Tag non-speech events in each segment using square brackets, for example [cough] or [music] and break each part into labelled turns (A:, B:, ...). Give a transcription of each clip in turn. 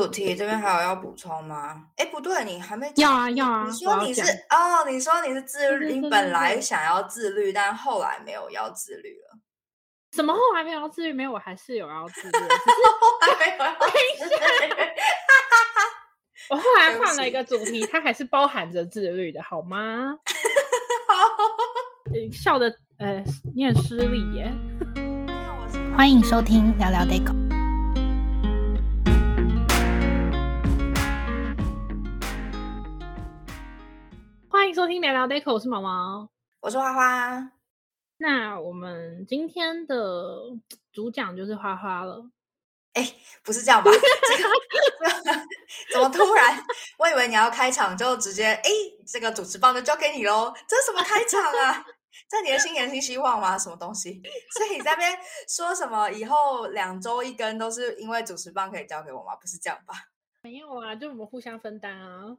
A: 主題這邊還有要補充嗎？哎，不對，你還沒要啊要啊！要啊，你說你是哦，你說你是自律，是你本來想要自律，但後來沒有要自律了。
B: 怎麼後來沒有要自律？沒有，我還是有要自律，我後來換了一個主題， [laughs] 起它還是包含着自律的，好嗎？笑的好，呃，你很失禮耶。 [laughs] 歡迎收聽聊聊 Deco。收聽聊聊 Deco，我是毛毛，我是花花。那我們今天的主講就是花花了。哎、欸，不是這樣吧？這個、 [laughs] [laughs] 怎麼突然？ [laughs] 我以為你要開場就直接哎、欸，這個主持棒
A: 就交給你咯。這什麼開場啊？在 [laughs] 你的新年新希望嗎？什麼東西？所以你那邊說什麼以後兩周一更都是因為主持棒可以交給我嗎？不是這樣吧？
B: 沒有啊，就我們互相分擔啊。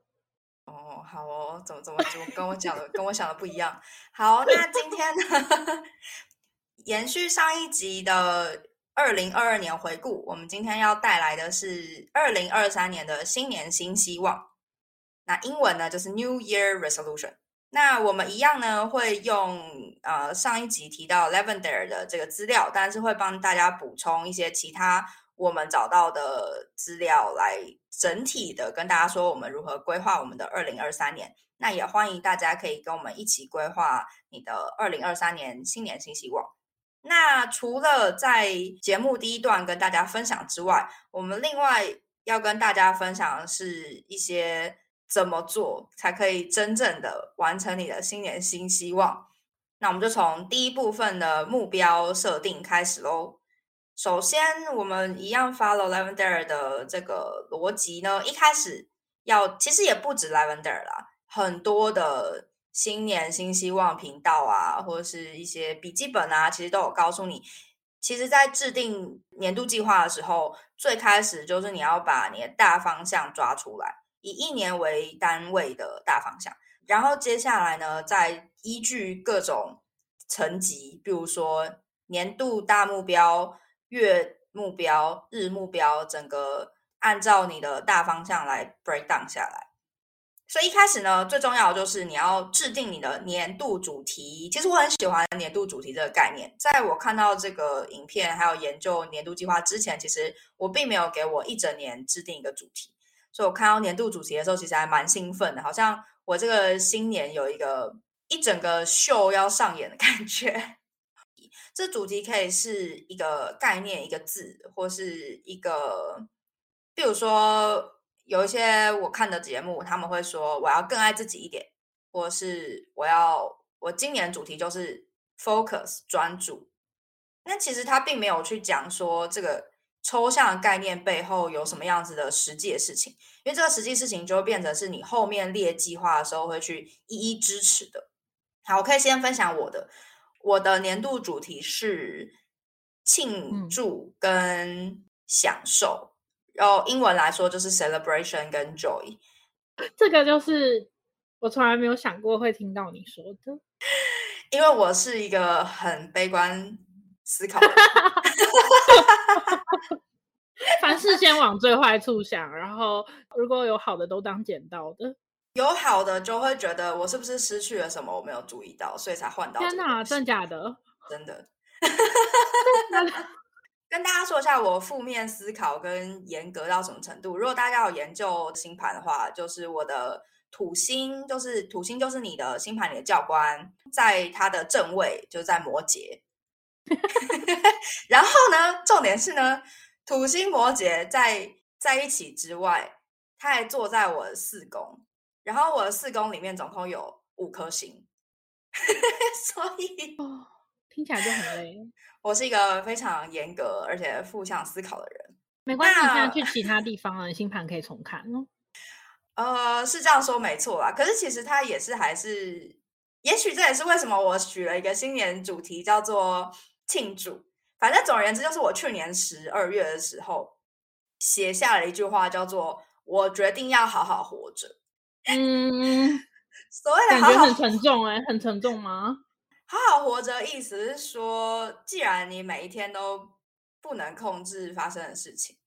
B: 哦，好哦，怎麼怎麼怎麼跟我講的， [laughs] 跟我想的不一樣。好，那今天呢， [laughs] 延續
A: 上一集的二零二二年回顧，我們今天要帶來的是二零二三年的新年新希望。那英文呢就是 New Year Resolution。那我們一樣呢會用呃上一集提到 Lavender 的這個資料，但是會幫大家補充一些其他。我們找到的資料來整體的跟大家說，我們如何規劃我們的二零二三年。那也歡迎大家可以跟我們一起規劃你的二零二三年新年新希望。那除了在節目第一段跟大家分享之外，我們另外要跟大家分享的是一些怎麼做才可以真正的完成你的新年新希望。那我們就從第一部分的目標設定開始嘍。首先，我們一樣 follow Lavendaire 的這個邏輯呢。一開始要，其實也不止 Lavendaire 啦，很多的新年新希望頻道啊，或者是一些筆記本啊，其實都有告訴你。其實，在制定年度計劃的時候，最開始就是你要把你的大方向抓出來，以一年為單位的大方向。然後接下來呢，再依據各種層級，比如說年度大目標。月目標、日目標，整個按照你的大方向來 break down 下來。所以一開始呢，最重要的就是你要制定你的年度主題。其實我很喜歡年度主題這個概念。在我看到這個影片還有研究年度計劃之前，其實我並沒有給我一整年制定一個主題。所以我看到年度主題的時候，其實還蠻興奮的，好像我這個新年有一個一整個秀要上演的感覺。這主題可以是一個概念、一個字，或是一個，比如說有一些我看的節目，他們會說我要更愛自己一點，或是我要我今年的主題就是 focus 專注。那其實他並沒有去講說這個抽象概念背後有什麼樣子的實際的事情，因為這個實際事情就會變成是你後面列計劃的時候會去一一支持的。好，我可以先分享我的。我的年度主題是慶祝跟享受，嗯、然後英文來說就是 celebration 跟 joy。
B: 這個就是我從來沒有想過會聽到你說的，因為我是一個很悲觀思考的人。凡事先往最壞處想，然後如果有好的都當撿到的。有好的就會覺得我是不是
A: 失去了什麼？我沒有注意到，所以才換到。天哪，
B: 真假的？
A: 真的。 [laughs] 跟大家說一下，我負面思考跟嚴格到什麼程度？如果大家有研究星盤的話，就是我的土星，就是土星，就是你的星盤裡的教官，在他的正位就是在摩羯。 [laughs] [laughs] 然後呢，重點是呢，土星摩羯在在一起之外，他還坐在我的四宮。然後我的四宮裡面總共有五顆星， [laughs] 所以聽起來就很累。我是一個非常嚴格而且負向思考的人。
B: 沒關係，那，你現在去其他地方了， [laughs] 星盤可以重看。
A: 呃，是這樣說沒錯啦，可是其實它也是還是，也許這也是為什麼我取了一個新年主題叫做慶祝。反正總而言之，就是我去年十二月的時候寫下了一句話，叫做“我決定要好好活着”。
B: 嗯， [laughs] 所謂的好，很沉重哎、欸， [laughs] 很沉重嗎？
A: 好好活着，意思是說，既然你每一天都不能控制發生的事情，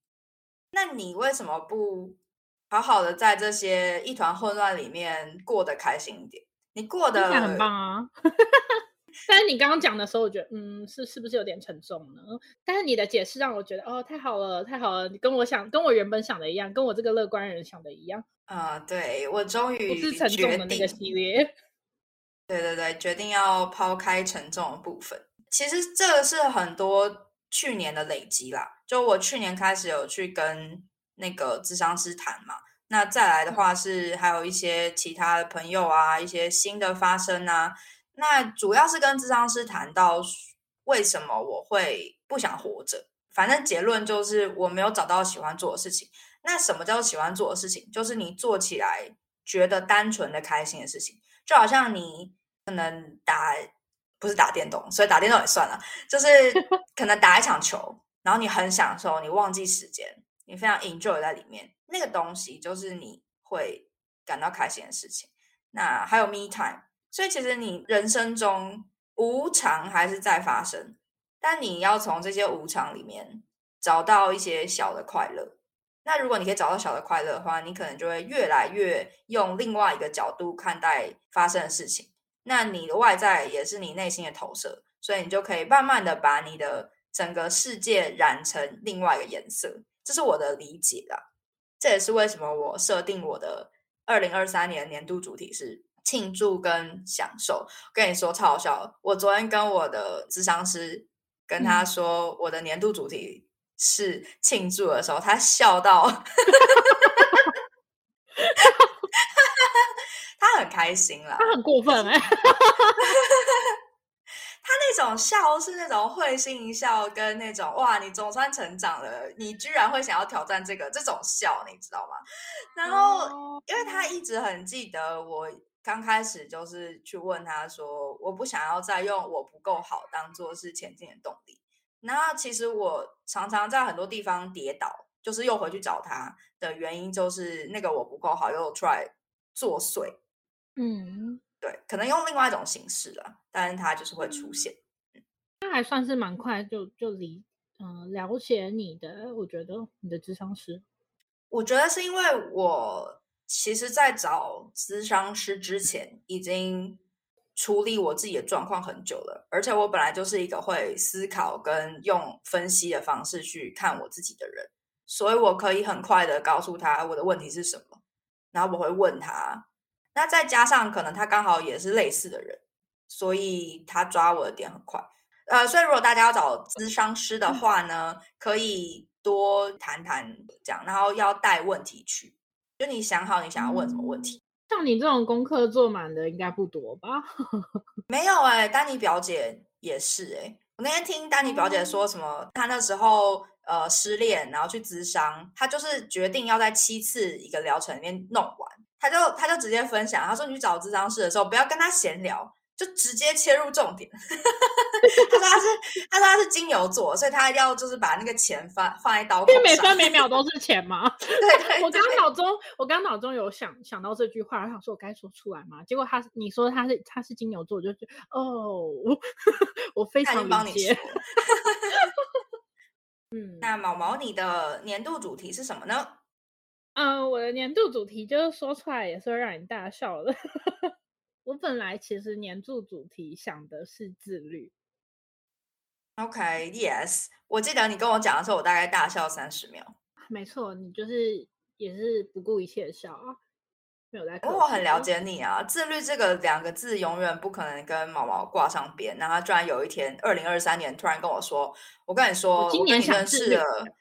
A: 那你為什麼不好好的在這些一團混亂裡面過得開心一點？
B: 你過得很棒啊！ [laughs] [laughs] 但是你剛剛講的時候，我覺得嗯，是是不是有點沉重呢？但是你的解釋讓我覺得哦，太好了，太好了！你跟我想，跟我原本想的一樣，跟我這個樂觀人想的一樣。啊、呃，對，我終於決定，不是沉重的
A: 那個系列，對對對，決定要拋開沉重的部分。其實這個是很多去年的累積啦。就我去年開始有去跟那個諮商師談嘛，那再來的話是還有一些其他的朋友啊，一些新的發生啊。那主要是跟諮商師談到為什麼我會不想活着，反正結論就是我沒有找到喜歡做的事情。那什麼叫做喜歡做的事情？就是你做起來覺得單純的開心的事情，就好像你可能打，不是打電動，所以打電動也算了，就是可能打一場球，然後你很享受，你忘記時間，你非常 enjoy 在裡面，那個東西就是你會感到開心的事情。那還有 me time。所以，其實你人生中無常還是在發生，但你要從這些無常裡面找到一些小的快樂。那如果你可以找到小的快樂的話，你可能就會越來越用另外一個角度看待發生的事情。那你的外在也是你內心的投射，所以你就可以慢慢的把你的整個世界染成另外一個顏色。這是我的理解啦，這也是為什麼我設定我的二零二三年年度主題是。慶祝跟享受，跟你說超好笑。我昨天跟我的諮商師跟他說、嗯、我的年度主題是慶祝的時候，他笑到， [laughs] [laughs] 他很開心了，他很過
B: 分哎、欸，
A: [laughs] [laughs] 他那種笑是那種會心一笑，跟那種哇，你總算成長了，你居然會想要挑戰這個，這種笑你知道嗎？
B: 然後、嗯、
A: 因為他一直很記得我。剛開始就是去問他說：“我不想要再用我不夠好當做是前進的動力。”然後其實我常常在很多地方跌倒，就是又回去找他的原因，就是那個我不夠好又出來作祟。
B: 嗯，
A: 對，可能用另外一種形式了，啊，但是他就是會出現。那、
B: 嗯嗯、還算是蠻快，就就離嗯了解你的，我覺得你的智商是？我覺
A: 得是因為我。其實，在找諮商師之前，已經處理我自己的狀況很久了。而且我本來就是一個會思考跟用分析的方式去看我自己的人，所以我可以很快的告訴他我的問題是什麼。然後我會問他，那再加上可能他剛好也是類似的人，所以他抓我的點很快。呃，所以如果大家要找諮商師的話呢，可以多談談這樣，然後要帶問題去。就你想好你想要問什麼問題？嗯、
B: 像你這種功課做滿的應該不多吧？
A: [laughs] 沒有哎、欸，丹妮婊姐也是哎、欸。我那天聽丹妮婊姐說什麼，嗯、她那時候呃失戀，然後去諮商，她就是決定要在七次一個療程裡面弄完，她就她就直接分享，她說你去找諮商師的時候，不要跟她閒聊，就直接切入重點。 [laughs] [laughs] 他說他是，他說他是金牛座，所以他要就是把那個錢放
B: 放在刀口上，因為每分每秒都是錢嘛 [laughs] 對對對對 [laughs] 我剛腦中，我剛腦中有想想到這句話，我想說我該說出來嗎？結果他，你說他是他是金牛座，我就覺得哦， [laughs] 我非常你幫你 [laughs] [laughs] 嗯，
A: 那毛毛你的年度主題是什麼呢？嗯、
B: 呃，我的年度主題就是說出來，也是會讓你大笑的 [laughs] 我本來其實年度主題想的是自律。OK，Yes，、okay, 我記得你跟我講的時候，我大概大笑三十秒。沒錯，你就是也是不顧一切的笑啊，沒有在、哦。我很了解你
A: 啊，“自律”這個兩個字永遠不可能跟毛毛掛上邊。然後，居然有一天，二零二三年突然跟我說：“我跟你說，我今年想自律。我跟你認識了。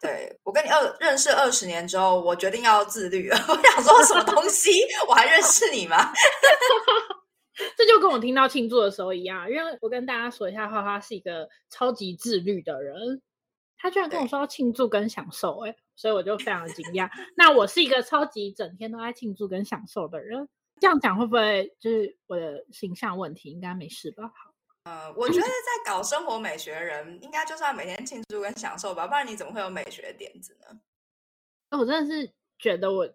A: 對我跟你二認識二十年
B: 之後，我決定要自律了。我想說什麼東西？ [laughs] 我還認識你嗎？ [laughs] [laughs] 這就跟我聽到慶祝的時候一樣，因為我跟大家說一下，花花是一個超級自律的人，他居然跟我說要慶祝跟享受，欸，哎對，所以我就非常的驚訝。 [laughs] 那我是一個超級整天都在慶祝跟享受的人，這樣講會不會就是我的形象問題？應該沒事吧？呃，
A: 我覺得在搞生活美學的人， [laughs] 應該就算每天慶祝跟享受吧，不然你怎麼會有美學點子呢？
B: 那我真的是覺得我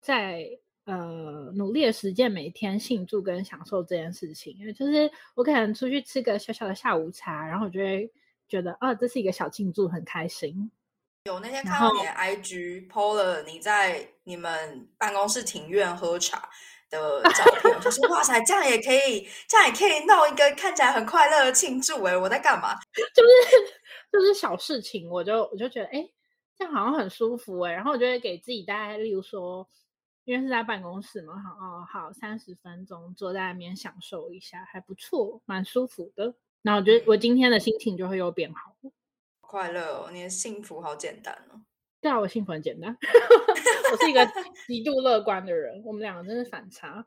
B: 在。呃，努力的實踐每天慶祝跟享受這件事情，因為就是我可能出去吃個小小的下午茶，然後我就會覺得，啊，這是一個小慶祝，很開心。
A: 有那天看到你的 IG po 了你在你們辦公室庭院喝茶的照片， [laughs] 就說、是、哇
B: 塞，這樣也可以，這樣也可以鬧一個看起來很快樂的慶祝。哎，我在幹嘛？就是就是小事情，我就我就覺得，哎，這樣好像很舒服哎。然後我就會給自己帶來，例如說。因為是在辦公室嘛，好哦，好三十分鐘，坐在外面享受一下，還不錯，蠻舒服的。那我覺得我今天的心情就會又變好，好快樂哦！你的幸福好簡單哦？對啊，我幸福很簡單， [laughs] 我是一個極度樂觀的人。 [laughs] 我們兩個真是反差。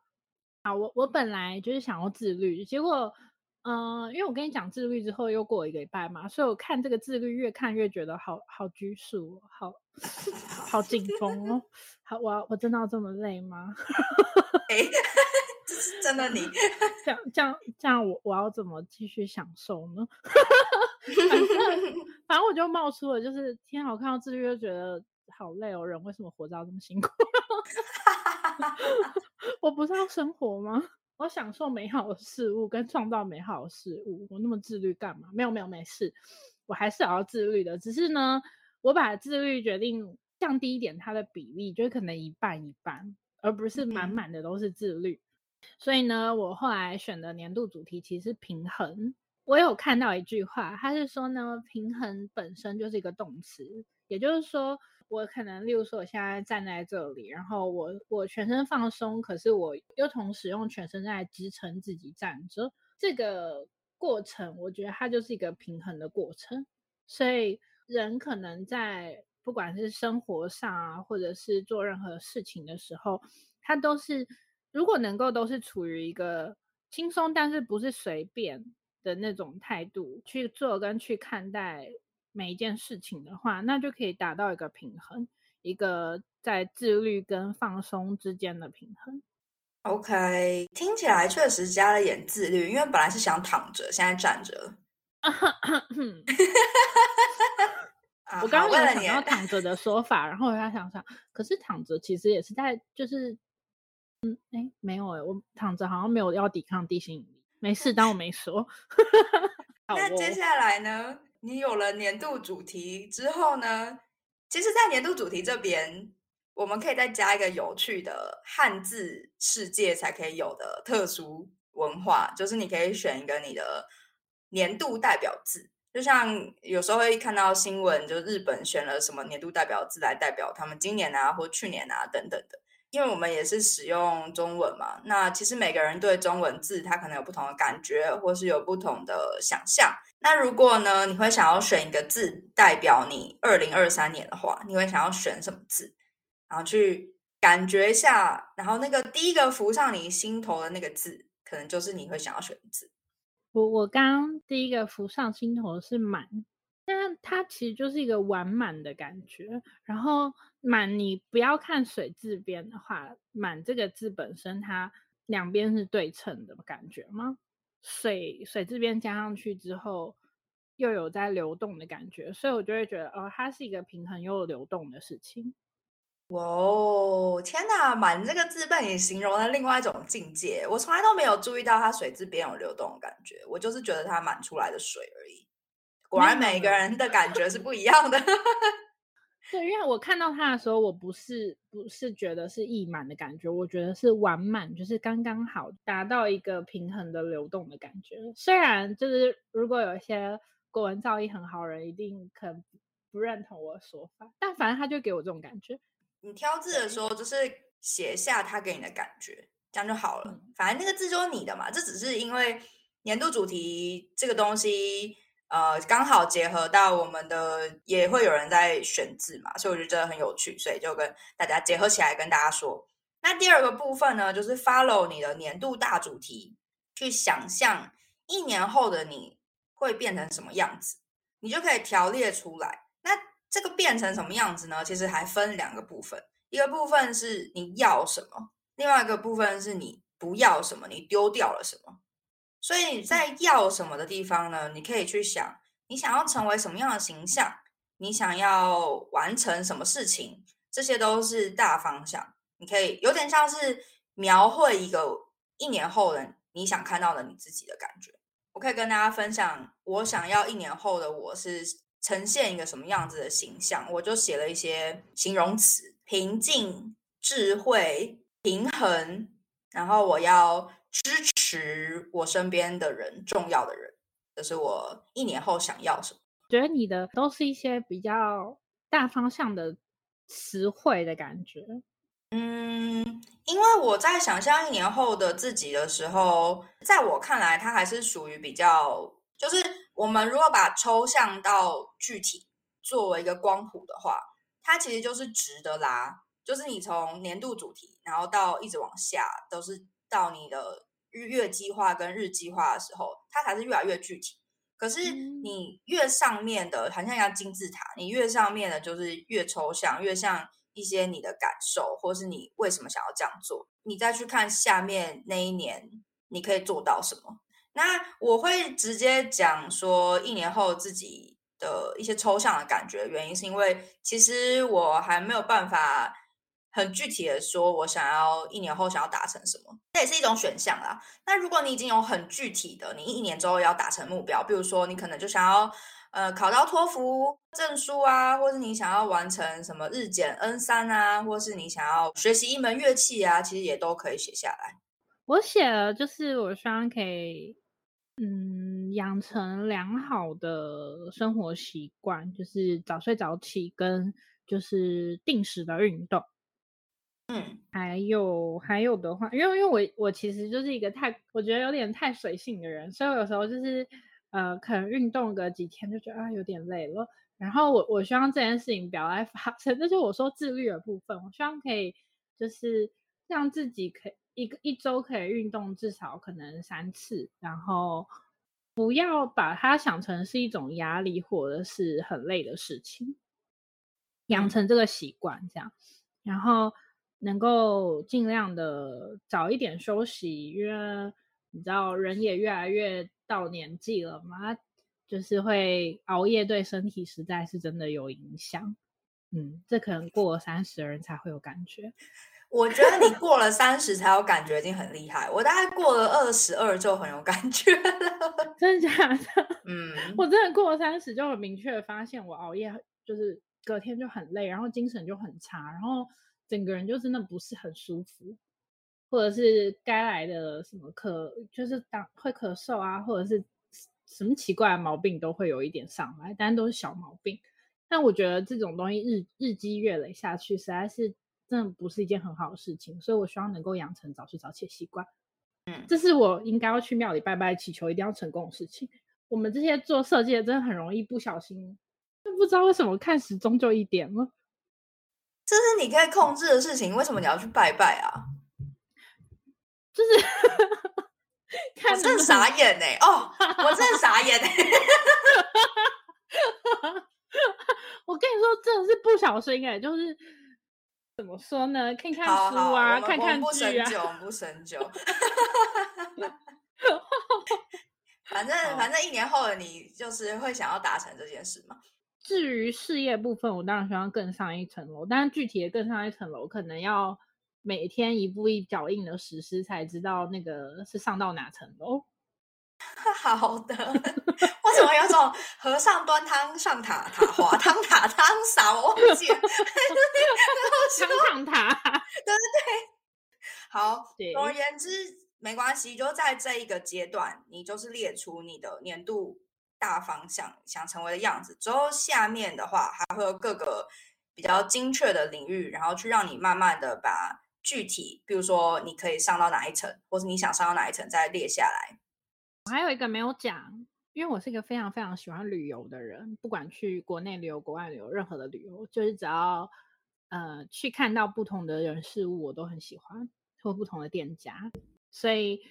B: 好，我我本來就是想要自律，結果。嗯、呃，因為我跟你講自律之後，又過了一個禮拜嘛，所以我看這個自律越看越覺得好好拘束，好好緊繃哦。好，好哦、 [laughs] 好，我要我真的要這麼累嗎？這、 [laughs] 欸就是真的你？你這樣這樣這樣，這樣這樣，我我要怎麼繼續享受呢？ [laughs] 反正反正，反正我就冒出了，就是天，好，看到自律就覺得好累哦。人為什麼活著這麼辛苦？ [laughs] 我不是要生活嗎？我享受美好的事物跟創造美好的事物，我那麼自律幹嘛？沒有沒有，沒事，我還是要自律的。只是呢，我把自律決定降低一點它的比例，就可能一半一半，而不是滿滿的都是自律。Okay. 所以呢，我後來選的年度主題其實平衡。我有看到一句話，他是說呢，平衡本身就是一個動詞，也就是說。我可能，例如說，我現在站在這裡，然後我我全身放鬆，可是我又同時用全身在支撐自己站着。這個過程，我覺得它就是一個平衡的過程。所以，人可能在不管是生活上啊，或者是做任何事情的時候，他都是如果能夠都是處於一個輕鬆，但是不是隨便的那種態度去做跟去看待，每一件事情的話，那就可以達到一個平衡，一個在自律跟放鬆之間的平衡。OK，聽起
A: 來確實加了點自律，因為本來是想躺着，現在站着。
B: 我剛剛有想要躺着的說法，然後我再想想，可是躺着其實也是在，就是，嗯，哎，沒有哎，我躺着好像沒有要抵抗地心引力，沒事，當我沒說。
A: [laughs] [laughs] 那接下來呢？你有了年度主題之後呢？其實，在年度主題這邊，我們可以再加一個有趣的漢字世界才可以有的特殊文化，就是你可以選一個你的年度代表字。就像有時候會看到新聞，就是日本選了什麼年度代表字來代表他們今年啊，或去年啊等等的。因為我們也是使用中文嘛，那其實每個人對中文字，他可能有不同的感覺，或是有不同的想象。那如果呢，你會想要選一個字代表你二零二三年的話，你會想要選什麼字？然後去感覺一下，然後那個第一個浮上你心頭的那個字，可能就是你會想要選的字。
B: 我我剛剛第一個浮上心頭的是滿，但它其實就是一個完滿的感覺。然後滿，你不要看水字邊的話，滿這個字本身它兩邊是對稱的感覺嗎？水水字邊加上去之後，又有在流動的感覺，所以我就會覺得哦，它是一個平衡又流動的事情。哇哦，天哪，滿這個字被你形容了另外一種境界。我從來都
A: 沒有注意到它水字邊有流動的感覺，我就是覺得它滿出來的水而已。
B: 果然，每個人
A: 的感覺是不一樣的。 [laughs]
B: 對，因為我看到他的時候，我不是不是覺得是溢滿的感覺，我覺得是完滿，就是剛剛好達到一個平衡的流動的感覺。雖然就是如果有一些國文造詣很好的人，一定可能不認同我說法，但反正他就給我這種感覺。
A: 你挑字的時候，就是寫下他給你的感覺，這樣就好了。反正那個字就是你的嘛，這只是因為年度主題這個東西。呃，剛好結合到我們的，也會有人在選字嘛，所以我覺得真的很有趣，所以就跟大家結合起來跟大家說。那第二個部分呢，就是 follow 你的年度大主題，去想象一年後的你會變成什麼樣子，你就可以條列出來。那這個變成什麼樣子呢？其實還分兩個部分，一個部分是你要什麼，另外一個部分是你不要什麼，你丟掉了什麼。所以在要什麼的地方呢，你可以去想，你想要成為什麼樣的形象，你想要完成什麼事情，這些都是大方向。你可以有點像是描繪一個一年後的你想看到的你自己的感覺。我可以跟大家分享，我想要一年後的我是呈現一個什麼樣子的形象，我就寫了一些形容詞：平靜、智慧、平衡，然後我要支持，持我身邊的人，重要的人，這、就是我一年後想要什麼？
B: 覺得你的都是一些比較大方向的詞彙的感覺。嗯，
A: 因為我在想象一年後的自己的時候，在我看來，它還是屬於比較，就是我們如果把抽象到具體作為一個光譜的話，它其實就是直的啦。就是你從年度主題，然後到一直往下，都是到你的。日月計劃跟日計劃的時候，它才是越來越具體。可是你越上面的，好像像金字塔，你越上面的，就是越抽象，越像一些你的感受，或是你為什麼想要這樣做。你再去看下面那一年，你可以做到什麼？那我會直接講說，一年後自己的一些抽象的感覺，原因是因為其實我還沒有辦法。很具體的說，我想要一年後想要達成什麼，這也是一種選項啦。那如果你已經有很具體的，你一年之後要達成目標，比如說你可能就想要呃考到托福證書啊，或是你想要完成什麼日檢 N 三啊，或是你想要學習一門樂器啊，其實也都可以寫下來。
B: 我寫了，就是我希望可以嗯養成良好的生活習慣，就是早睡早起跟就是定時的運動。嗯，還有還有的話，因為因為我我其實就是一個太我覺得有點太隨性的人，所以我有時候就是呃，可能運動個幾天就覺得啊有點累了。然後我我希望這件事情不要來發生，但是就是我說自律的部分，我希望可以就是讓自己可以一個一週可以運動至少可能三次，然後不要把它想成是一種壓力或者是很累的事情，養成這個習慣這樣，嗯、然後。能夠儘量的早一點休息，因為你知道人也越來越到年紀了嘛，就是會熬夜對身體實在是真的有影響。嗯，這可能過了三十的人才會有感覺。
A: 我覺得你過了三十才有感覺已經很厲害， [laughs] 我大概過了二十二就很有感覺了，真
B: 的假的？嗯，我真的過了三十就很明確的發現我熬夜就是隔天就很累，然後精神就很差，然後。整個人就真的不是很舒服，或者是該來的什麼咳，就是當會咳嗽啊，或者是什麼奇怪的毛病都會有一點上來，但都是小毛病。但我覺得這種東西日日積月累下去，實在是真的不是一件很好的事情。所以我希望能夠養成早睡早起的習慣。嗯，這是我應該要去廟裡拜拜祈求一定要成功的事情。我們這些做設計的真的很容易不小心，就不知道為什麼看時鐘就一點了。這是你可以控制的事情，為什麼你要去拜拜啊？就
A: 是，我真傻眼呢、欸。 [laughs] 哦，我真傻眼呢、欸。
B: [laughs] [laughs] 我跟你說，真的是不小心哎、欸，就是怎麼說呢？看看書啊，好好看看劇啊，不深究 [laughs]
A: 不深究。反 [laughs] 正反正，好反正一年後的你就是會想要達成這
B: 件事嘛。至於事業部分，我當然希望更上一層樓，但是具體的更上一層樓，可能要每天一步一腳印的實施，才知道那個是上到哪層樓。
A: 好的，
B: [laughs] 為什麼有種和尚端
A: 湯上塔塔滑湯塔湯灑，我忘記。對對對，上塔，對對對。好，對總而言之，沒關係，就在這一個階段，你就是列出你的年度，大方向想，想成為的樣子，之後下面的話還會有各個比較精確的領域，然後去讓你慢慢的把具體，比如說你可以上到哪一層，或是你想上到哪一層，再
B: 列下來。我還有一個沒有講，因為我是一個非常非常喜歡旅遊的人，不管去國內旅遊、國外旅遊，任何的旅遊，就是只要呃去看到不同的人事物，我都很喜歡，或不同的店家，所以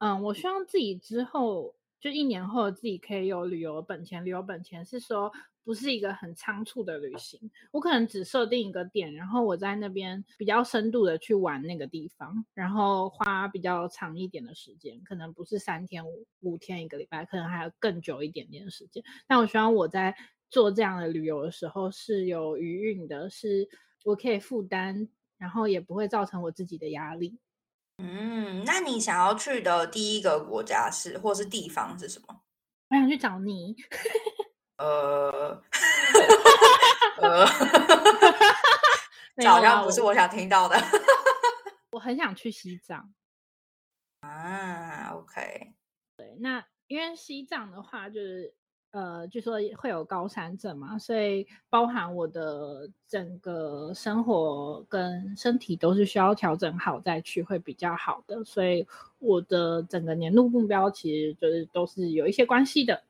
B: 嗯、呃，我希望自己之後。就一年後自己可以有旅遊本錢，旅遊本錢是說不是一個很倉促的旅行，我可能只設定一個點，然後我在那邊比較深度的去玩那個地方，然後花比較長一點的時間，可能不是三天五，五天一個禮拜，可能還有更久一點點的時間。但我希望我在做這樣的旅遊的時候是有餘韻的，是我可以負擔，然後也不會造成我自己的壓力。
A: 嗯，那你想要去的第一個國家是，或是地方是什麼？
B: 我想去找你。
A: 呃，呃，好像
B: 不是我想聽到的。 [laughs] 我很想去西藏。啊，OK。對，那因為西藏的話就是。呃，據說會有高山症嘛，所以包含我的整個生活跟身體都是需要調整好再去會比較好的，所以我的整個年度目標其實就是都是有一些關係的。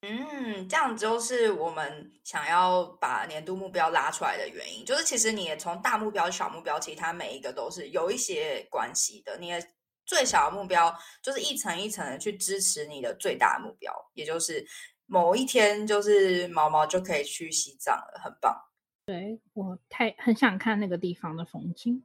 A: 嗯，這樣就是我們想要把年度目標拉出來的原因，就是其實你也從大目標、小目標，其實它每一個都是有一些關係的。你的最小的目標就是一層一層的去支持你的最大的目標，也就是。某一天，就是毛毛就可以去西藏了，很棒。
B: 對，我太，很想看那個地方的風景。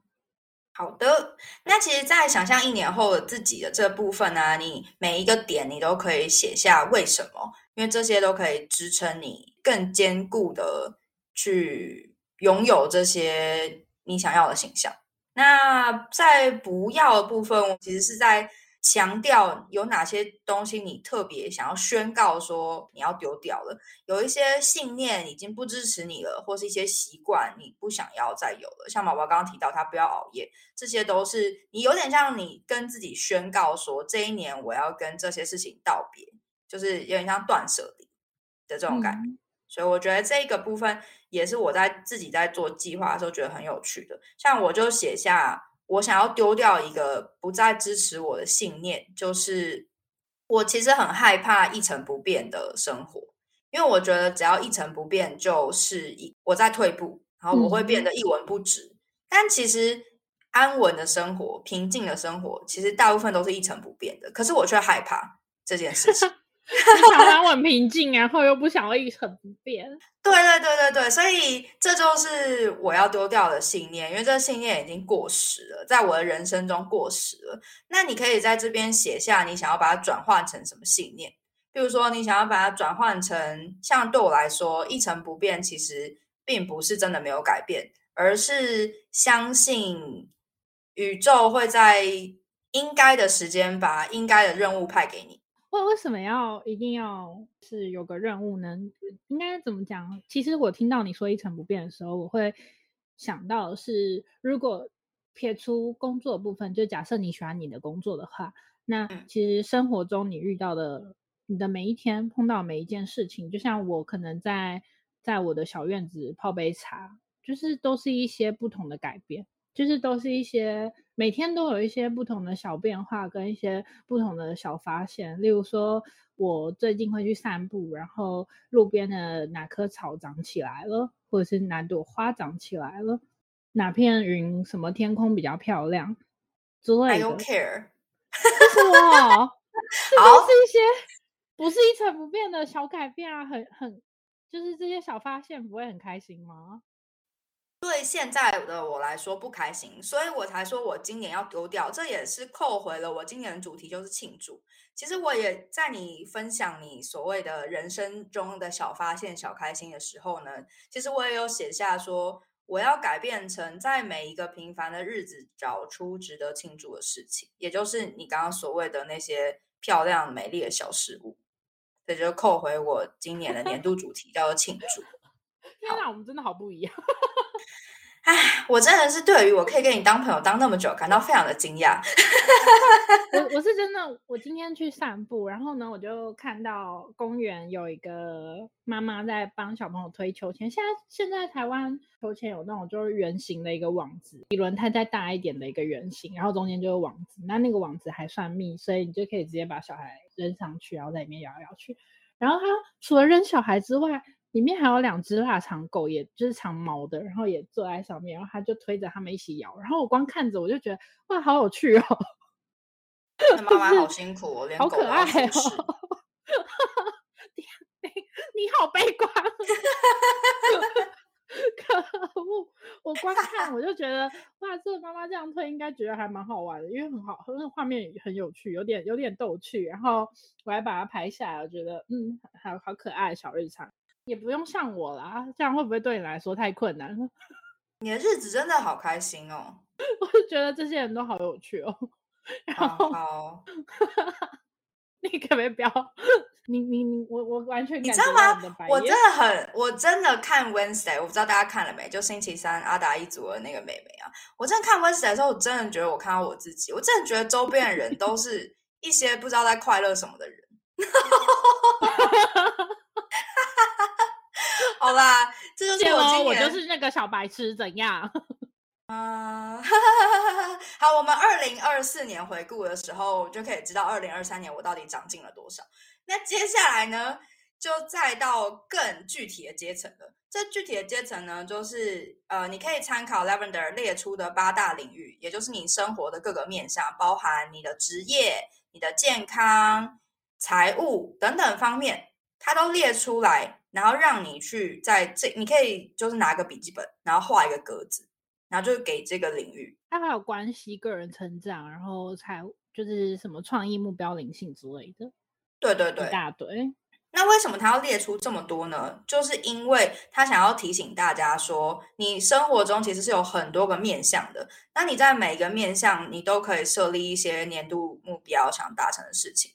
A: 好的，那其實，在想象一年後的自己的這部分呢，啊，你每一個點你都可以寫下為什麼，因為這些都可以支撐你更堅固的去擁有這些你想要的形象。那在不要的部分，我其實是在。強調有哪些東西你特別想要宣告說你要丟掉了，有一些信念已經不支持你了，或是一些習慣你不想要再有了。像毛毛剛剛提到他不要熬夜，這些都是你有點像你跟自己宣告說這一年我要跟這些事情道別，就是有點像斷舍離的這種感覺。嗯、所以我覺得這個部分也是我在自己在做計劃的時候覺得很有趣的。像我就寫下。我想要丟掉一個不再支持我的信念，就是我其實很害怕一成不變的生活，因為我覺得只要一成不變，就是一我在退步，然後我會變得一文不值。嗯、但其實安穩的生活、平靜的生活，其實大部分都是一成不變的，可是我卻害怕這件事情。 [laughs]
B: 你 [laughs] 想安穩平靜，然後又不想要一成不變。
A: [laughs] 對對對對對，所以這就是我要丟掉的信念，因為這個信念已經過時了，在我的人生中過時了。那你可以在這邊寫下你想要把它轉換成什麼信念，比如說你想要把它轉換成，像對我來說，一成不變其實並不是真的沒有改變，而是相信宇宙會在應該的時間把應該的任務派給你。
B: 為為什麼要一定要是有個任務呢？應該怎麼講？其實我聽到你說一成不變的時候，我會想到是，如果撇除工作的部分，就假設你喜歡你的工作的話，那其實生活中你遇到的、嗯、你的每一天碰到每一件事情，就像我可能在在我的小院子泡杯茶，就是都是一些不同的改變。就是都是一些每天都有一些不同的小變化跟一些不同的小發現，例如說我最近會去散步，然後路邊的哪棵草長起來了，或者是哪朵花長起來了，哪片雲什麼天空比較漂亮之類的。I don't care。哇，這都是一些不是一成不變的小改變啊，很很，就是這些小發現不會很開心嗎？
A: 對現在的我來說不開心，所以我才說我今年要丟掉，這也是扣回了我今年的主題，就是慶祝。其實我也在你分享你所謂的人生中的小發現、小開心的時候呢，其實我也有寫下說，我要改變成在每一個平凡的日子找出值得慶祝的事情，也就是你剛剛所謂的那些漂亮、美麗的小事物。這就扣回我今年的年度主題， [laughs] 叫做慶祝。
B: 天哪，好天哪，我們真的好不一樣。 [laughs] 哎，我真的是
A: 對於我可以跟你當朋友當那麼久感到非常的驚訝。
B: [laughs] 我我是真的，我今天去散步，然後呢，我就看到公園有一個媽媽在幫小朋友推秋千。現在現在，在台灣秋千有那種就是圓形的一個網子，比輪胎再大一點的一個圓形，然後中間就是網子。那那個網子還算密，所以你就可以直接把小孩扔上去，然後在裡面搖來搖去。然後他除了扔小孩之外，裡面還有兩隻臘腸狗，也就是長毛的，然後也坐在上面，然後他就推着他們一起搖，然後我光看着我就覺得哇，好有趣哦！那媽媽好辛苦哦，連狗、 [laughs] 就是、好可愛哦！ [laughs] 你好悲觀。可惡！我光看我就覺得哇，這個媽媽這樣推應該覺得還蠻好玩的，因為很好，那畫面很有趣，有點有點逗趣，然後我還把它拍下來，我覺得嗯，好好可愛的小日常。也不用像我啦，這樣會不會對你來說太困難？你的日子真的好開心哦！ [laughs] 我覺得這些人都好有趣哦。 [laughs] 然後好好 [laughs] 你可別不，不要，你你你，我我完全感覺你，你知道嗎？我真的很，
A: 我真的看 Wednesday，我不知道大家看了沒？就星期三阿達一族的那個妹妹啊，我真的看 Wednesday 的時候，我真的覺得我看到我自己，我真的覺得週邊的人都是一些不知道在快樂什麼的人。 [laughs] [laughs]
B: [laughs] 好啦，這就是我今年我就是那個小白痴怎樣？
A: 啊 [laughs] [laughs] 好，我們二零二四年回顧的時候，就可以知道二零二三年我到底長進了多少。那接下來呢，就再到更具體的階層了。這具體的階層呢，就是呃，你可以參考 Lavender 列出的八大領域，也就是你生活的各個面向，包含你的職業、你的健康、財務等等方面，它都列出來。然後讓你去在這，你可以就是拿個筆記本，然後畫一個格子，然後就給這個領域。
B: 它還有關係、個人成長，然後才就是什麼創意目標、靈性之類的。
A: 對對對，一大堆。那為什麼他要列出這麼多呢？就是因為他想要提醒大家說，你生活中其實是有很多個面向的。那你在每一個面向，你都可以設立一些年度目標、想達成的事情。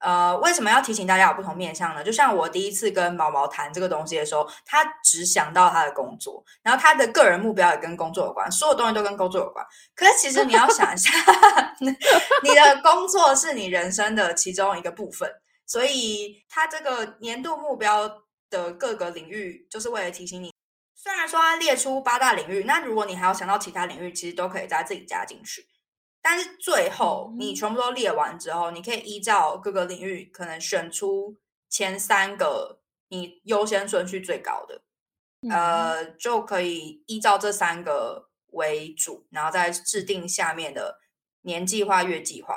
A: 呃，為什麼要提醒大家有不同面向呢？就像我第一次跟毛毛談這個東西的時候，他只想到他的工作，然後他的個人目標也跟工作有關，所有東西都跟工作有關。可是其實你要想一下， [laughs] [laughs] 你的工作是你人生的其中一個部分，所以他這個年度目標的各個領域，就是為了提醒你。雖然說他列出八大領域，那如果你還要想到其他領域，其實都可以再自己加進去。但是最後，你全部都列完之後，你可以依照各個領域可能選出前三個你優先順序最高的，呃，就可以依照這三個為主，然後再制定下面的年計劃、月計劃。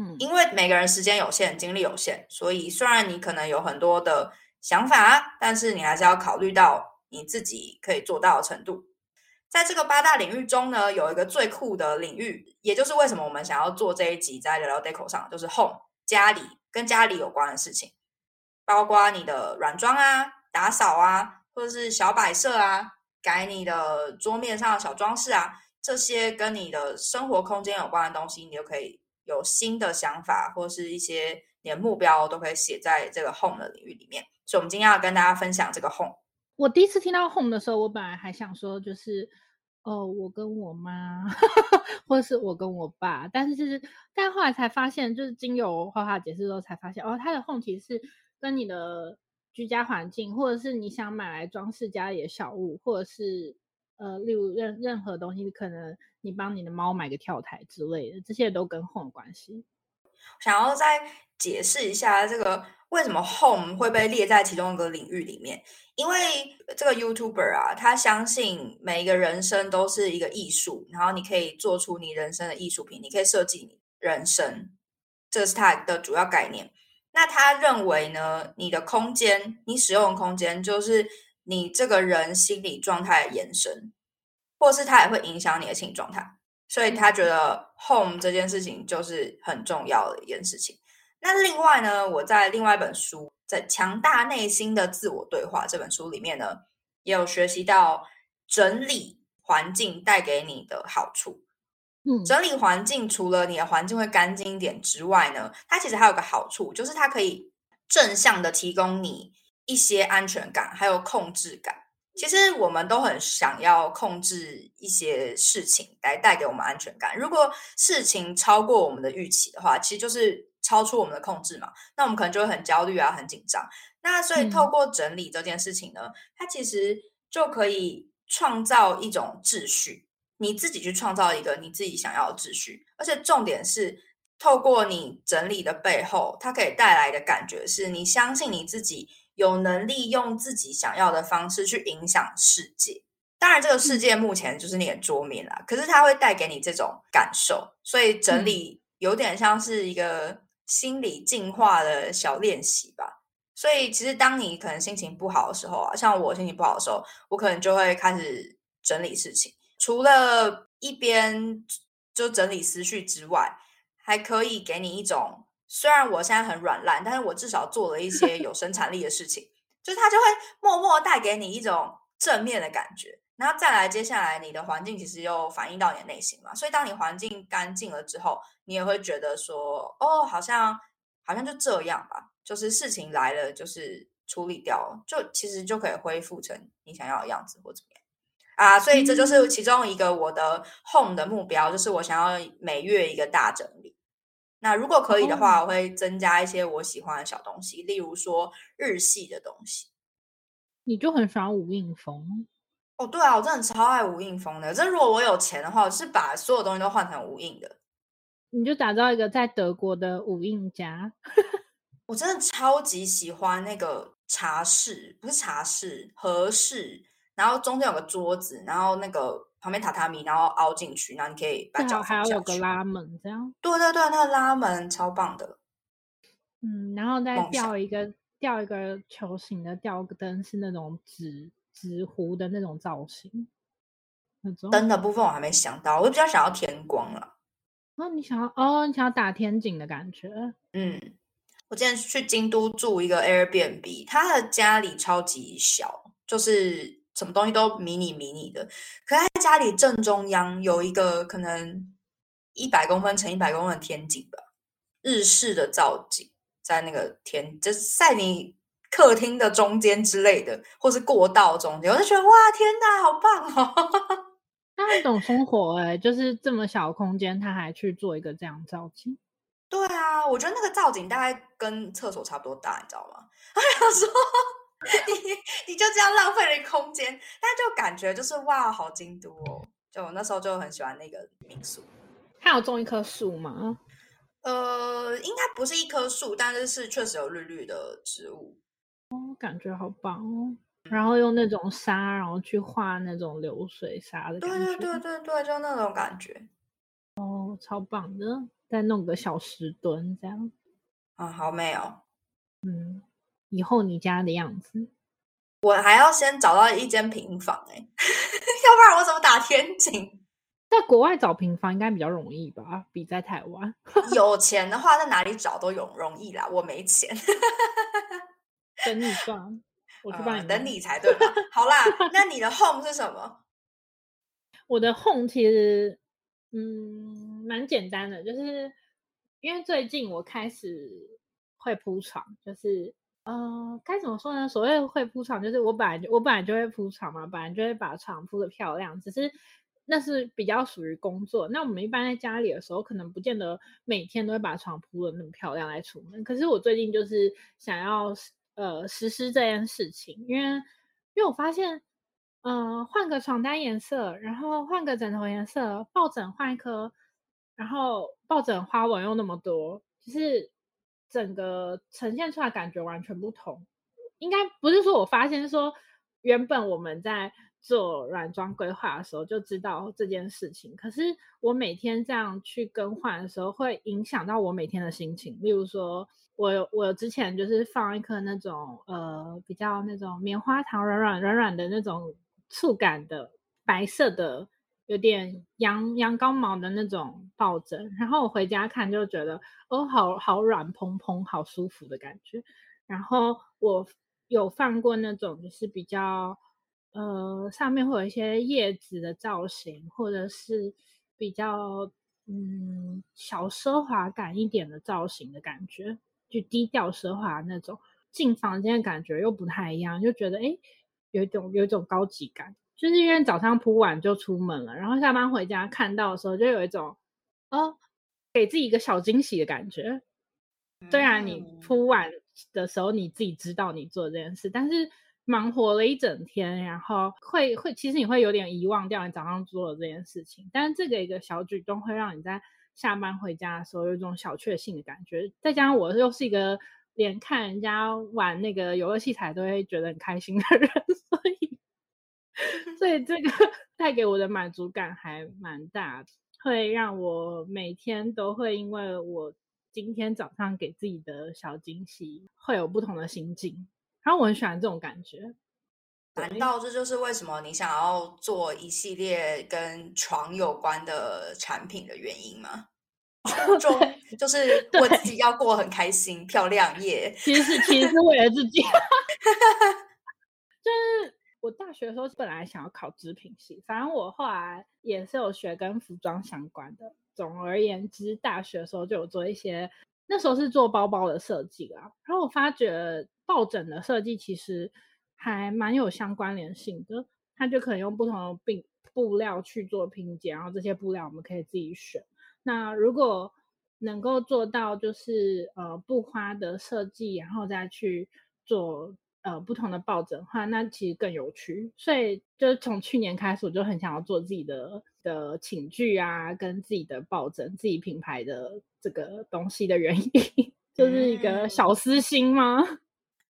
B: 嗯，
A: 因為每個人時間有限、精力有限，所以雖然你可能有很多的想法，但是你還是要考慮到你自己可以做到的程度。在這個八大領域中呢，有一個最酷的領域，也就是為什麼我們想要做這一集在聊聊 Deco 上，就是 Home，家裡跟家裡有關的事情，包括你的軟裝啊、打掃啊，或者是小擺設啊，改你的桌面上的小裝飾啊，這些跟你的生活空間有關的東西，你就可以有新的想法，或者是一些你的目標都可以寫在這個 Home 的領域裡面。所以，我們今天要跟大家分享這個 Home。
B: 我第一次聽到 Home 的時候，我本來還想說就是。哦，oh, 我跟我媽， [laughs] 或者是我跟我爸，但是其實，但後來才發現，就是經由花花解釋之後才發現，哦，它的 home 其實是跟你的居家環境，或者是你想買來裝飾家裡的小物，或者是、呃、例如任任何東西，可能你幫你的貓買個跳台之類的，這些都跟 home 有關係。我
A: 想要在。解釋一下這個為什麼
B: home 會被列在其中一個領域裡面？
A: 因為這個 YouTuber 啊，他相信每一個人生都是一個藝術，然後你可以做出你人生的藝術品，你可以設計你人生，這是他的主要概念。那他認為呢，你的空間，你使用的空間就是你這個人心理狀態的延伸，或是他也會影響你的情緒狀態，所以他覺得 home 這件事情就是很重要的一件事情。那另外呢，我在另外一本書《在強大內心的自我對話》這本書裡面呢，也有學習到整理環境帶給你的好處。嗯，整理環境除了你的環境會乾淨一點之外呢，它其實還有一個好處，就是它可以正向的提供你一些安全感，還有控制感。其實我們都很想要控制一些事情來帶給我們安全感。如果事情超過我們的預期的話，其實就是。超出我們的控制嘛，那我們可能就會很焦慮啊，很緊張。那所以透過整理這件事情呢，嗯、它其實就可以創造一種秩序。你自己去創造一個你自己想要的秩序，而且重點是透過你整理的背後，它可以帶來的感覺是你相信你自己有能力用自己想要的方式去影響世界。當然，這個世界目前就是你的桌面啦，嗯、可是它會帶給你這種感受。所以整理有點像是一個。心理淨化的小練習吧。所以，其實當你可能心情不好的時候啊，像我心情不好的時候，我可能就會開始整理事情。除了一邊就整理思緒之外，還可以給你一種，雖然我現在很軟爛，但是我至少做了一些有生產力的事情，就是它就會默默帶給你一種正面的感覺。然後再來，接下來你的環境其實又反映到你的內心嘛。所以，當你環境乾淨了之後。你也會覺得說，哦，好像好像就這樣吧，就是事情來了，就是處理掉了，就其實就可以恢復成你想要的樣子或怎麼樣啊。所以這就是其中一個我的 home 的目標，就是我想要每月一個大整理。那如果可以的話，我會增加一些我喜歡的小東西，例如說日系的東西。
B: 你就很喜歡無印風？
A: 哦，對啊，我真的超愛無印風的。這如果我有錢的話，我
B: 是把所有東西都換成無印的。你就打造一個在德國的無印家。
A: [laughs] 我真的超級喜歡那個茶室，不是茶室，和室，然後中間有個桌子，然後那個旁邊榻榻米，然後
B: 凹進去，然後你可以把腳放下去，還有個拉門，這樣。對對對，那個拉門超棒的。嗯，然後再吊一個想吊一個球形的吊燈，是那種紙紙糊的那種造型。燈的部分我還沒想到，我就比較想要天光了。哦，你想要哦，你想要打天井的感覺。嗯，
A: 我今天去京都住一個 Airbnb，他的家裡超級小，就是什麼東西都迷你迷你的。可是他家裡正中央有一個可能一百公分乘一百公分的天井吧，日式的造景，在那個天就是在你客廳的中間之類的，或是過道中
B: 間。我就覺得哇，天哪，好棒哦！ [laughs] 那種生活哎、欸，就是這麼小空間，他還去做一個這樣造景。
A: 對啊，我覺得那個造景大概跟廁所差不多大，你知道嗎？他想說， [laughs] 你你就這樣浪費了空間，但就感覺就是哇，好京都哦！就我那時候就很喜歡那個民宿。
B: 他有種一棵樹嗎？
A: 呃，應該不是一棵樹，但是是確實有綠綠的植物。
B: 哦、感覺好棒哦！然後用那種沙，然後去畫那種流水沙的，對對對對對，就那種感覺。哦，超棒的！再弄個小石墩這樣。啊、嗯，好沒有、哦。嗯，以後你家的樣子，
A: 我還要先找到一間平房哎、欸，嗯、 [laughs] 要不然我怎麼打天井？
B: 在國外找平房應該比較容易吧？比在台灣。
A: [laughs] 有錢的話，在哪裡找都容容易啦。我沒錢，等 [laughs] 你算。我去
B: 幫你、uh, 等你才對 [laughs] 好啦，那你的 home 是什麼？ [laughs] 我的 home 其實嗯，蠻簡單的，就是因為最近我開始會鋪床，就是嗯、呃、該怎麼說呢？所謂會鋪床，就是我本來我本來就會鋪床嘛，本來就會把床鋪得漂亮，只是那是比較屬於工作。那我們一般在家裡的時候，可能不見得每天都會把床鋪得那麼漂亮來出門。可是我最近就是想要。呃，實施這件事情，因為因為我發現，呃，換個床單顏色，然後換個枕頭顏色，抱枕換一顆，然後抱枕花紋又那麼多，就是整個呈現出來的感覺完全不同。應該不是說我發現、就是、說，原本我們在做軟裝規劃的時候就知道這件事情，可是我每天這樣去更換的時候，會影響到我每天的心情。例如說。我我之前就是放一顆那種呃比較那種棉花糖軟軟軟軟的那種觸感的白色的，有點羊羊羔毛毛的那種抱枕，然後我回家看就覺得哦好好軟蓬蓬，好舒服的感覺。然後我有放過那種就是比較呃上面會有一些葉子的造型，或者是比較嗯小奢華感一點的造型的感覺。就低調奢華那種，進房間的感覺又不太一樣，就覺得誒、欸，有一種有一種高級感。就是因為早上鋪完就出門了，然後下班回家看到的時候，就有一種哦，給自己一個小驚喜的感覺。雖然你鋪完的時候你自己知道你做這件事，但是忙活了一整天，然後會會其實你會有點遺忘掉你早上做的這件事情，但是這個一個小舉動會讓你在。下班回家的時候有一種小確幸的感覺，再加上我又是一個連看人家玩那個遊樂器材都會覺得很開心的人，所以，所以這個帶給我的滿足感還蠻大，會讓我每天都會因為我今天早上給自己的小驚喜，會有不同的心境，然後我很喜歡這種感覺。
A: 難道這就是為什麼你想要做一系列跟床有關的產品的原因嗎？ [laughs] 就對就是我自己要過
B: 很開心、對漂亮耶、yeah。其實是其實是為了自己， [laughs] [laughs] 就是我大學的時候是本來想要考織品系，反正我後來也是有學跟服裝相關的。總而言之，大學的時候就有做一些，那時候是做包包的設計啊。然後我發覺抱枕的設計其實還蠻有相關聯性的，它就可能用不同的布布料去做拼接，然後這些布料我們可以自己選。那如果能夠做到就是呃不花的設計，然後再去做呃不同的抱枕的話，那其實更有趣。所以就從去年開始，我就很想要做自己的的寢具啊，跟自己的抱枕，自己品牌的這個東西的原因，嗯、 [laughs] 就是一個小私心嗎？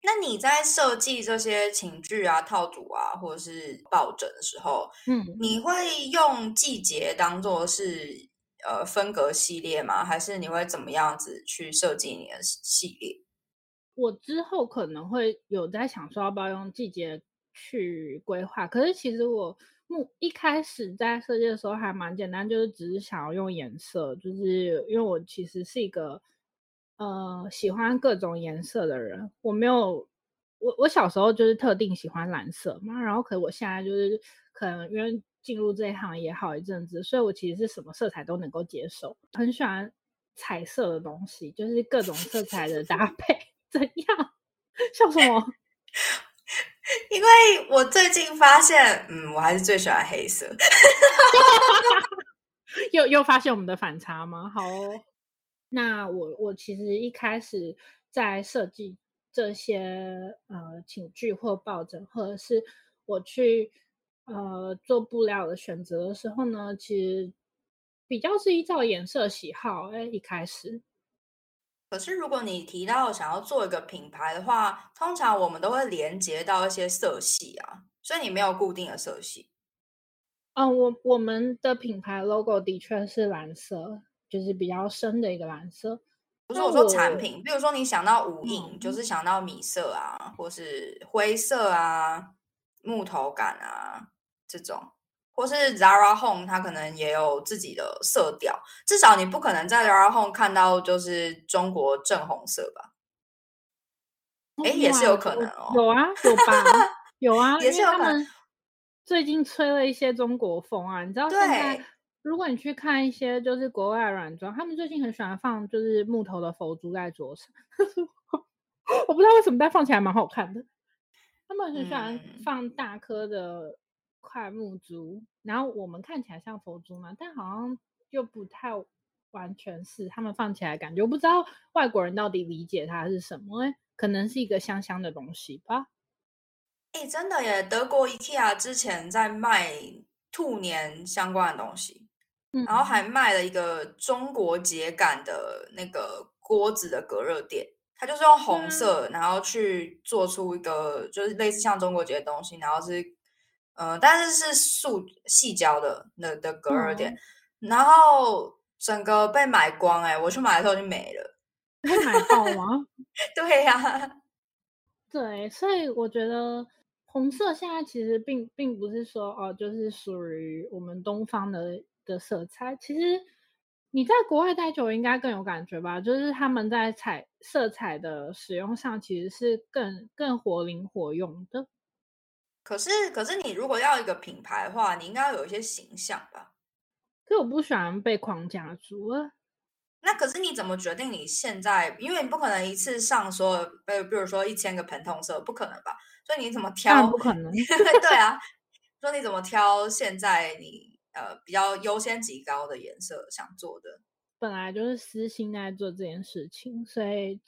A: 那你在設計這些寢具啊、套組啊，或者是抱枕的時候，嗯，你會用季節當做是？呃，風格系列嗎？還是你會怎麼樣子去設計
B: 你的系列？我之後可能會有在想說要不要用季節去規劃。可是其實我目一開始在設計的時候還蠻簡單，就是只是想要用顏色，就是因為我其實是一個呃喜歡各種顏色的人。我沒有，我我小時候就是特定喜歡藍色嘛，然後可我現在就是可能因為。進入這一行也好一陣子，所以我其實是什麼色彩都能夠接受，很喜歡彩色的東西，就是各種色彩的搭配。 [laughs] 怎樣？笑什麼？因
A: 為我最近發現，嗯，我還是最喜歡黑色。 [laughs]
B: [laughs] [laughs] 又又發現我們的反差嗎？好哦，那我我其實一開始在設計這些呃寢具或抱枕，或者是我去。呃，做布料的選擇的時候呢，其實比較是依照顏色喜好、欸。哎，一開始。可是
A: 如果你提到想要做一個品牌的話，通常我們都會連接到一些色系啊，所以你沒有固定的色系。
B: 嗯，我我們的品牌 logo 的確是藍色，就是比較深的一個藍色。不是我說產品，
A: 我比如說你想到無印，嗯、就是想到米色啊，或是灰色啊，木頭感啊。這種，或是 Zara Home，它可能也有自己的色調。至少你不可能在 Zara Home 看到就是中國正紅色吧？哎，
B: 也是
A: 有可能哦，有啊，有吧，
B: 有啊，也是 [laughs] 因為他們最近吹了一些中國風啊。有你知道現在，如果你去看一些就是國外的軟裝，對他們最近很喜歡放就是木頭的佛珠在桌上。 [laughs] 我不知道為什麼，但放起來蠻好看的。他們很喜歡放大顆的、嗯。塊木珠，然後我們看起來像佛珠嘛，但好像又不太完全是。他們放起來感覺，我不知道外國人到底理解它是什麼、欸，可能是一個香香的東西吧。哎、欸，
A: 真的耶！德國 IKEA 之前在賣兔年相關的東西，
B: 嗯、然後還
A: 賣了一個中國結感的那個鍋子的隔熱墊，它就是用紅色，啊、然後去做出一個就是類似像中國結的東西，然後是。呃，但是是塑細膠的那的隔熱墊然後整個被買光哎、欸，我去買的時候就沒了，
B: 被買到嗎？ [laughs] 對呀、啊，對，所以我覺得紅色現在其實並並不是說哦，就是屬於我們東方的的色彩。其實你在國外待久應該更有感覺吧，就是他們在彩色彩的使用上其實是更更活靈活用的。
A: 可是，可是你如果要一個品牌的話，你應該要有一些形象吧？
B: 可我不喜歡被框架住啊。那可是你怎麼決定？你
A: 現在因為你不可能一次上說呃，比如說一千個 Pantone 色，不可能吧？
B: 所以你怎麼挑？不可能。
A: [laughs] 對啊， [laughs] 說你怎麼挑？現在你呃比較優先級高的顏色想做的，
B: 本來就是私心在做這件事情，所以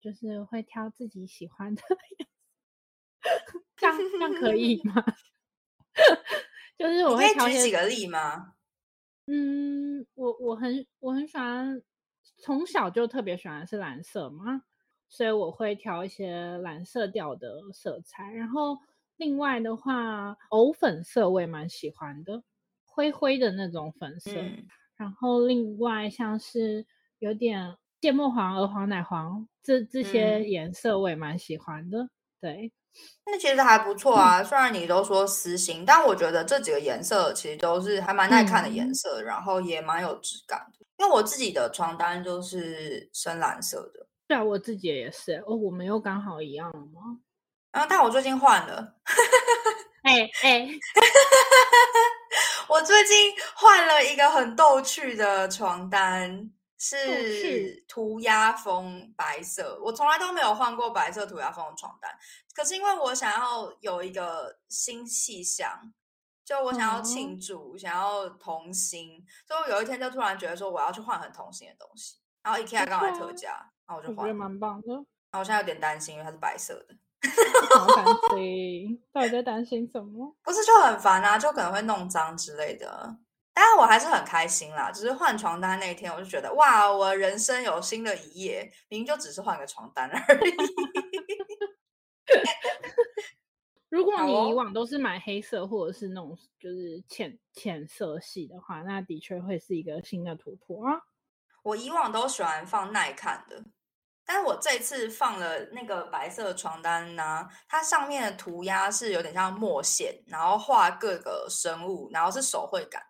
B: 就是會挑自己喜歡的這樣這樣 [laughs] 可以嗎？ [laughs] 就是我會挑一些舉幾個例嗎？嗯，我我很我很喜歡，從小就特別喜歡是藍色嘛，所以我會挑一些藍色調的色彩。然後另外的話，藕粉色我也蠻喜歡的，灰灰的那種粉色。嗯、然後另外像是有點芥末黃、鵝黃、奶黃，這這些顏色我也蠻喜歡的。嗯、對。那其實還不錯
A: 啊，嗯、雖然你都說實行，但我覺得這幾個顏色其實都是還蠻耐看的顏色，嗯、然後也蠻有質感的。因為我自己的床單就是深藍色的，
B: 對啊，我自己也是。哦，我們又剛好一樣嗎？
A: 啊、嗯，但我最近換了， [laughs] 欸欸、 [laughs] 我最近換了一個很逗趣的床單。是塗鴉風白色，我從來都沒有換過白色塗鴉風的床單。可是因為我想要有一個新氣象，就我想要慶祝，嗯、想要童心，所以我有一天就突然覺得說我要去換很童心的東西。然後 IKEA 剛好在特價，然後對我就換，覺得蠻棒的。然後我現在有點擔心，因為它是白色的，擔
B: [laughs] 心到底在擔心什麼？
A: 不是就很煩啊？就可能會弄髒之類的。當然我還是很開心啦，只、就是換床單那一天，我就覺得哇，我人生有新的一頁。明明就只是換個床單而
B: 已。 [laughs] 如果你以往都是買黑色或者是那種就是淺淺色系的話，那的確會是一個新的突破啊。
A: 我以往都喜歡放耐看的，但是我這次放了那個白色的床單呢，它上面的塗鴉是有點像墨線，然後畫各個生物，然後是手繪感。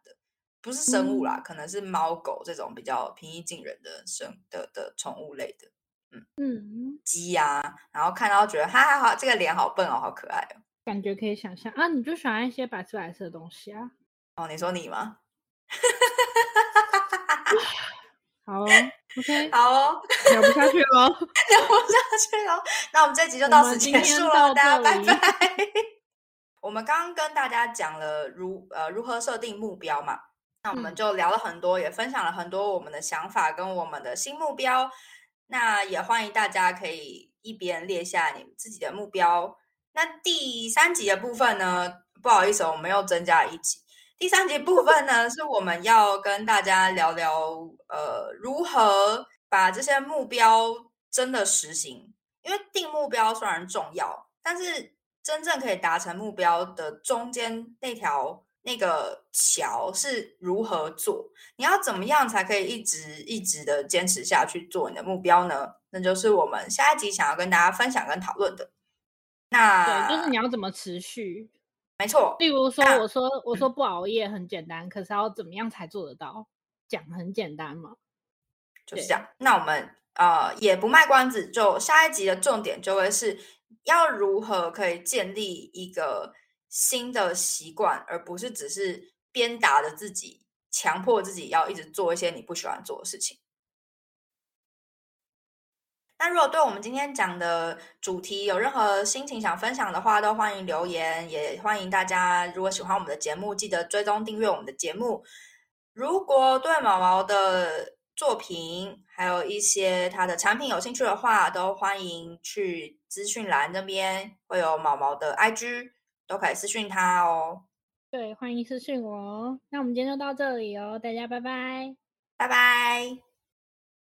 A: 不是生物啦，嗯、可能是貓狗這種比較平易近人的生的的寵物類的，嗯嗯，雞呀、啊，然後看到覺得哈哈哈這個臉好笨哦，好可愛哦，
B: 感覺可以想象啊，你就喜歡一些白色、白色的東西啊？
A: 哦，你說你嗎？
B: [laughs] 好、哦，OK，
A: 好、哦，聊不下去了， [laughs] 聊不下去了。那我們這集就到此結束了，大家拜拜。 [laughs] 我們剛剛跟大家講了如呃如何設定目標嘛？那我們就聊了很多，也分享了很多我們的想法跟我們的新目標。那也歡迎大家可以一邊列下你們自己的目標。那第三集的部分呢，不好意思，我們又增加了一集。第三集部分呢，是我們要跟大家聊聊，呃，如何把這些目標真的實行。因為定目標雖然重要，但是真正可以達成目標的中間那條。那個橋是如何做？你要怎麼樣才可以一直一直的堅持下去做你的目標呢？那就是我們下一集想要跟大家分享跟討論的。
B: 那對，就是你要怎麼持續？沒錯。例如說，啊、我說我說不熬夜很簡單，可是要怎麼樣才做得到？講很簡單嘛？就是這樣。對那我們呃也不賣
A: 關子，就下一集的重點就會是要如何可以建立一個。新的習慣，而不是只是鞭打着自己，強迫自己要一直做一些你不喜歡做的事情。那如果對我們今天講的主題有任何心情想分享的話，都歡迎留言。也歡迎大家，如果喜歡我們的節目，記得追蹤訂閱我們的節目。如果對毛毛的作品，還有一些他的產品有興趣的話，都歡迎去資訊欄那邊會有毛毛的 IG。都可以私訊他哦，
B: 對，歡迎私訊我哦。那我們今天就到這裡哦，大家拜拜，拜拜。